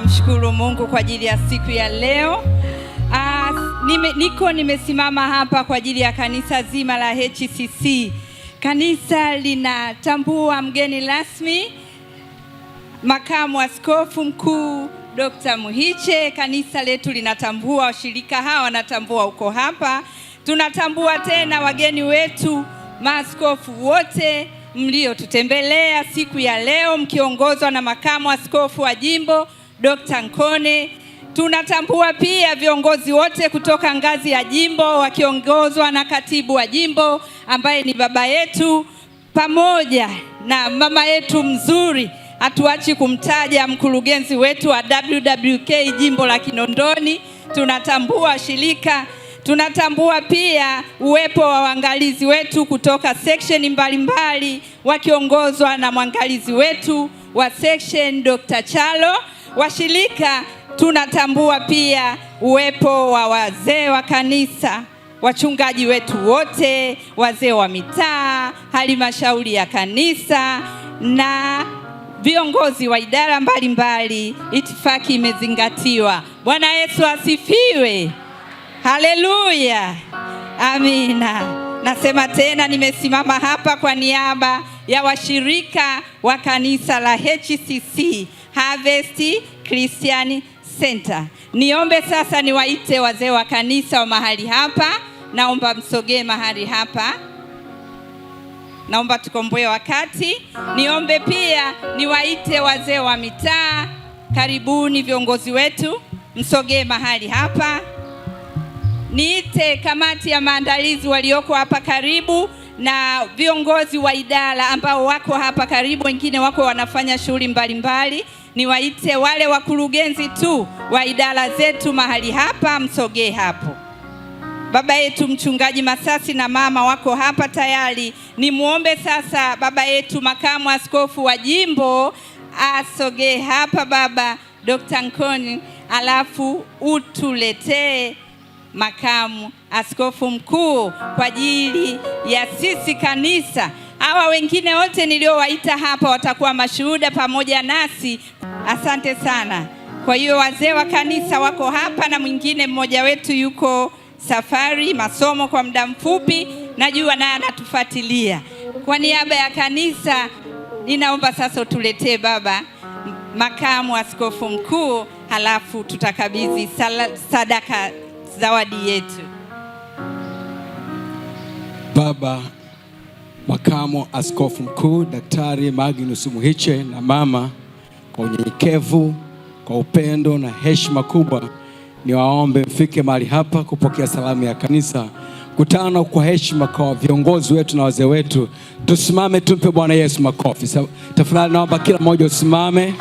tunamshukuru Mungu kwa ajili ya siku ya leo. Aa, ah, nime, niko nimesimama hapa kwa ajili ya kanisa zima la HCC. Kanisa linatambua mgeni rasmi makamu askofu mkuu Dr. Muhiche. Kanisa letu linatambua, washirika hawa wanatambua, uko hapa. Tunatambua tena wageni wetu maaskofu wote mliotutembelea siku ya leo mkiongozwa na makamu askofu wa jimbo Dr. Nkone. Tunatambua pia viongozi wote kutoka ngazi ya jimbo wakiongozwa na katibu wa jimbo ambaye ni baba yetu pamoja na mama yetu mzuri, hatuachi kumtaja mkurugenzi wetu wa WWK jimbo la Kinondoni. Tunatambua shirika, tunatambua pia uwepo wa waangalizi wetu kutoka section mbalimbali wakiongozwa na mwangalizi wetu wa section Dr. Chalo Washirika tunatambua pia uwepo wa wazee wa kanisa, wachungaji wetu wote, wazee wa mitaa, halimashauri ya kanisa na viongozi wa idara mbalimbali. Itifaki imezingatiwa. Bwana Yesu asifiwe. Haleluya, amina. Nasema tena, nimesimama hapa kwa niaba ya washirika wa kanisa la HCC Harvest Christian Center. Niombe sasa niwaite wazee wa kanisa wa mahali hapa, naomba msogee mahali hapa, naomba tukomboe wakati. Niombe pia niwaite wazee wa mitaa, karibuni viongozi wetu, msogee mahali hapa. Niite kamati ya maandalizi walioko hapa karibu na viongozi wa idara ambao wako hapa karibu, wengine wako wanafanya shughuli mbalimbali niwaite wale wakurugenzi tu wa idara zetu mahali hapa, msogee hapo. Baba yetu mchungaji Masasi na mama wako hapa tayari, nimwombe sasa baba yetu makamu askofu wa jimbo asogee hapa baba Dr. Nkoni, alafu utuletee makamu askofu mkuu kwa ajili ya sisi kanisa Hawa wengine wote niliowaita hapa watakuwa mashuhuda pamoja nasi. Asante sana. Kwa hiyo wazee wa kanisa wako hapa na mwingine mmoja wetu yuko safari masomo kwa muda mfupi, najua naye anatufuatilia. Kwa niaba ya kanisa ninaomba sasa utuletee baba makamu askofu mkuu, halafu tutakabidhi sadaka zawadi yetu. Baba makamo Askofu Mkuu Daktari Magnus Muhiche na mama, kwa unyenyekevu, kwa upendo na heshima kubwa, niwaombe mfike mahali hapa kupokea salamu ya kanisa, kutana kwa heshima kwa viongozi wetu na wazee wetu. Tusimame tumpe Bwana Yesu makofi. Tafadhali naomba kila mmoja usimame,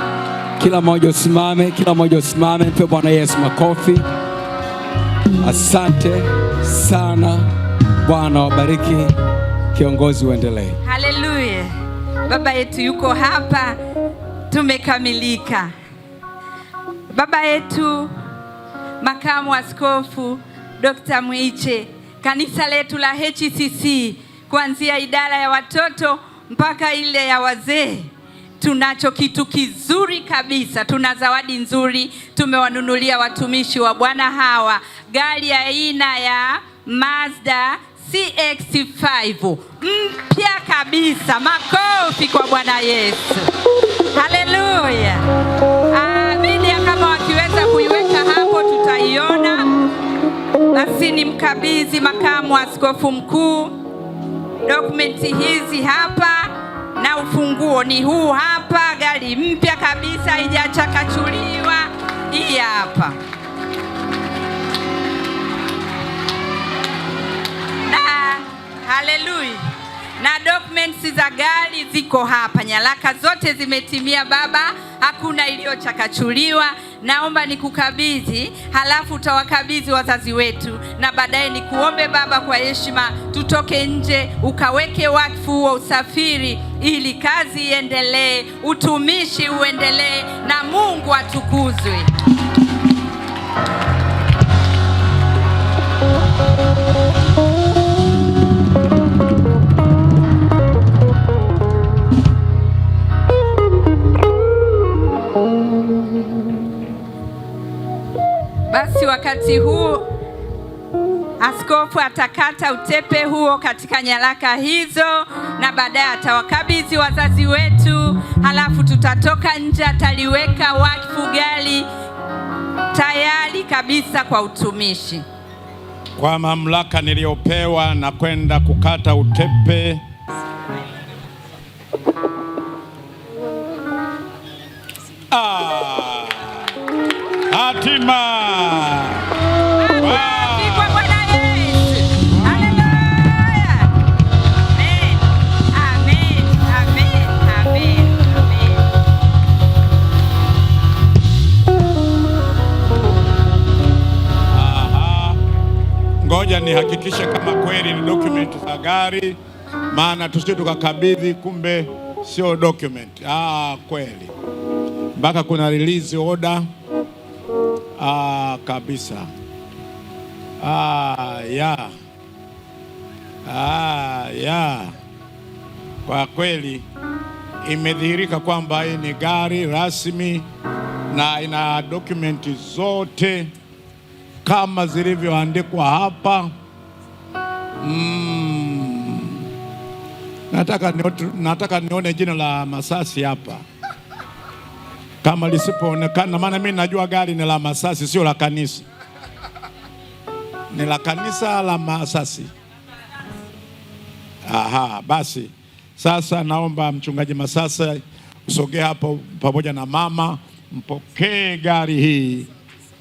kila mmoja usimame, kila mmoja usimame, mpe Bwana Yesu makofi. Asante sana, Bwana wabariki kiongozi uendelee. Haleluya. Baba yetu yuko hapa, tumekamilika. Baba yetu makamu askofu Dr. Mwiche, kanisa letu la HCC kuanzia idara ya watoto mpaka ile ya wazee tunacho kitu kizuri kabisa, tuna zawadi nzuri. Tumewanunulia watumishi wa Bwana hawa gari aina ya Mazda CX5 mpya kabisa. Makofi kwa Bwana Yesu, haleluya. Media kama wakiweza kuiweka hapo, tutaiona. Basi ni mkabidhi makamu askofu mkuu dokumenti hizi hapa, na ufunguo ni huu hapa. Gari mpya kabisa, haijachakachuliwa, hii hapa. Haleluya! Na documents za gari ziko hapa, nyaraka zote zimetimia baba, hakuna iliyochakachuliwa. Naomba nikukabidhi, halafu utawakabidhi wazazi wetu, na baadaye nikuombe baba, kwa heshima tutoke nje, ukaweke wakfu wa usafiri, ili kazi iendelee, utumishi uendelee, na Mungu atukuzwe. wakati huu askofu atakata utepe huo katika nyaraka hizo, na baadaye atawakabidhi wazazi wetu, halafu tutatoka nje, ataliweka wakfu gari tayari kabisa kwa utumishi. Kwa mamlaka niliyopewa na kwenda kukata utepe ah, hatima Ngoja nihakikishe kama kweli ni document za gari, maana tusije tukakabidhi kumbe sio document. Ah, kweli mpaka kuna release order. Ah, kabisa. Ah, ya. Ah, ya. Kwa kweli imedhihirika kwamba hii ni gari rasmi na ina dokumenti zote kama zilivyoandikwa hapa mm. Nataka, nataka nione jina la Masasi hapa kama lisipoonekana, maana mimi najua gari ni la Masasi, sio la kanisa, ni la kanisa la Masasi. Aha, basi sasa naomba mchungaji Masasi usogee hapo pamoja na mama, mpokee gari hii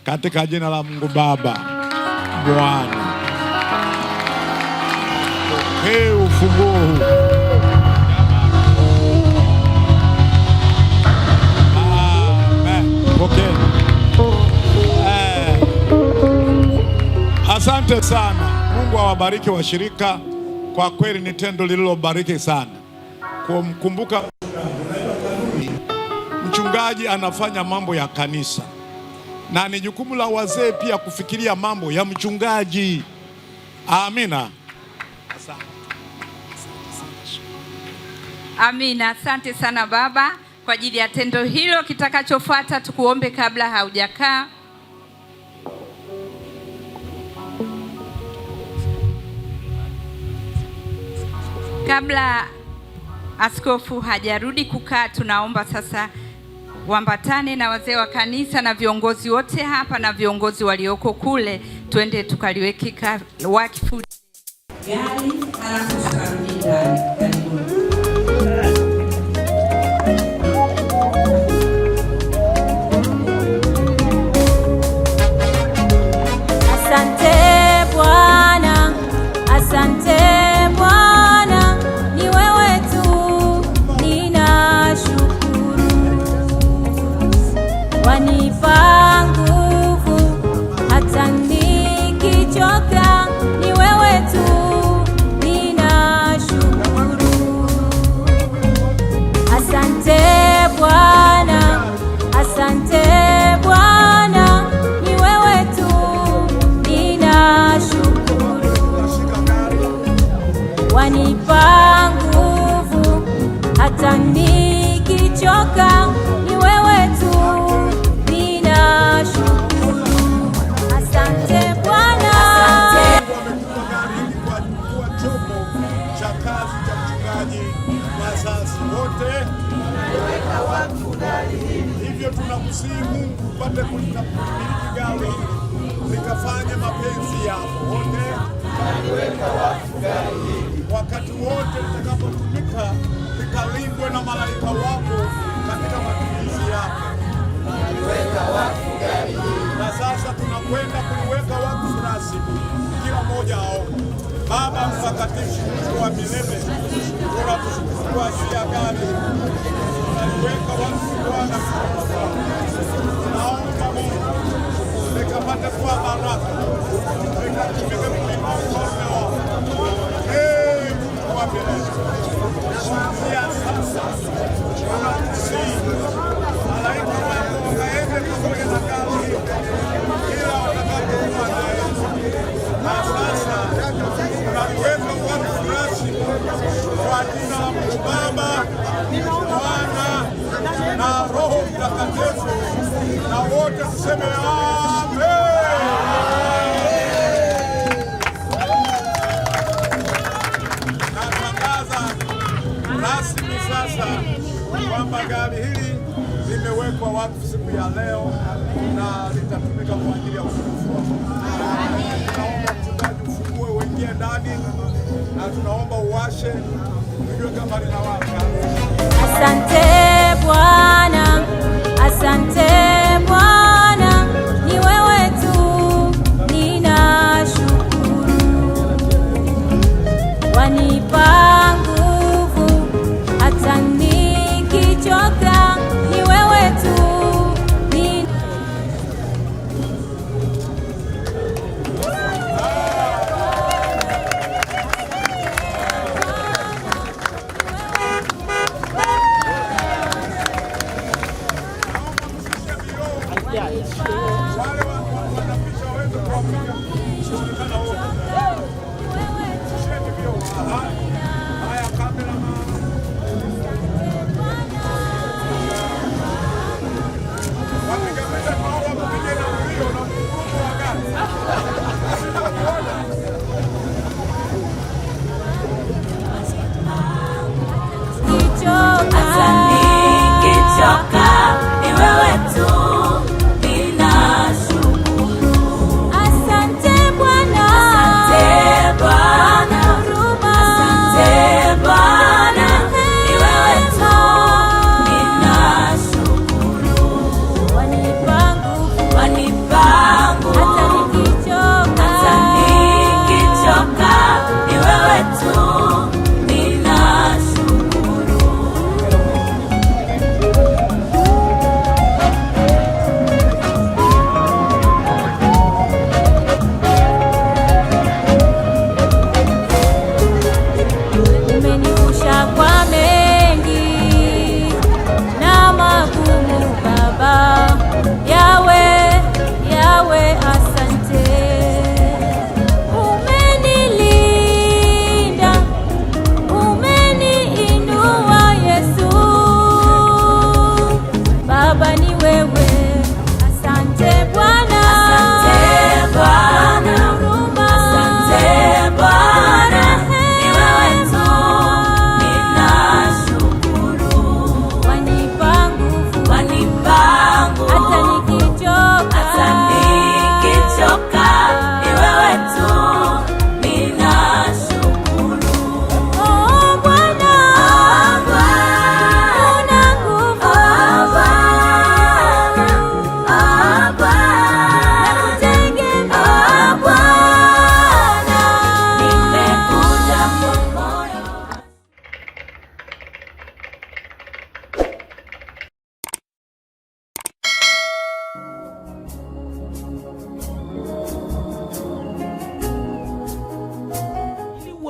katika jina la Mungu Baba, Bwana pokea ufunguo huu. Asante sana. Mungu awabariki wa washirika, kwa kweli ni tendo lililobariki sana kumkumbuka mchungaji anafanya mambo ya kanisa na ni jukumu la wazee pia kufikiria mambo ya mchungaji. Amina. Amina, asante sana baba kwa ajili ya tendo hilo. Kitakachofuata tukuombe kabla haujakaa. Kabla askofu hajarudi kukaa, tunaomba sasa wambatane na wazee wa kanisa na viongozi wote hapa na viongozi walioko kule, twende tukaliwekika wakifu gari yaani, halafu tukarudi ndani. kazi cha mchungaji wazazi wote weka watu gari hili, hivyo tunakusihi Mungu upate kulitamiliki gari likafanye mapenzi yako wote, weka watu gari wakati wote litakapotumika likalindwe na malaika wako katika matumizi yako, weka watu gari Na sasa tunakwenda kuliweka wakfu rasmi, kila mmoja aombe. Baba Mtakatifu, wa milele, tunakushukuru si agano unaliweka wakfu Bwana mkono Naomba Mungu likapate kuwa baraka, likatumike kulima ufalme wako. Mungu wa milele, kuanzia sasa tunakusihi sasa kwamba gari hili limewekwa watu siku ya leo na litatumika kwa ajili ya utukufu wako. Tunaomba mchungaji ufungue uingie ndani na tunaomba uwashe ujue kama linawaka. Asante Bwana, asante Bwana, ni Thank you.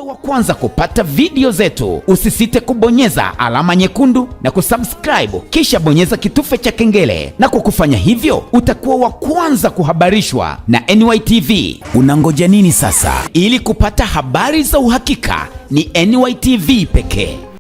uwe wa kwanza kupata video zetu, usisite kubonyeza alama nyekundu na kusubscribe, kisha bonyeza kitufe cha kengele, na kwa kufanya hivyo utakuwa wa kwanza kuhabarishwa na nytv Unangoja nini sasa? Ili kupata habari za uhakika ni nytv pekee.